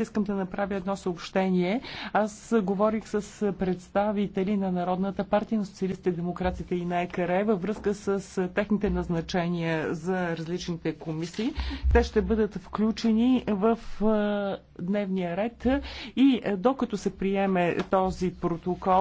Искам да направя едно съобщение. Аз говорих с представители на Народната партия на социалистите, демократите и на ЕКР във връзка с техните назначения за различните комисии. Те ще бъдат включени в дневния ред и докато се приеме този протокол,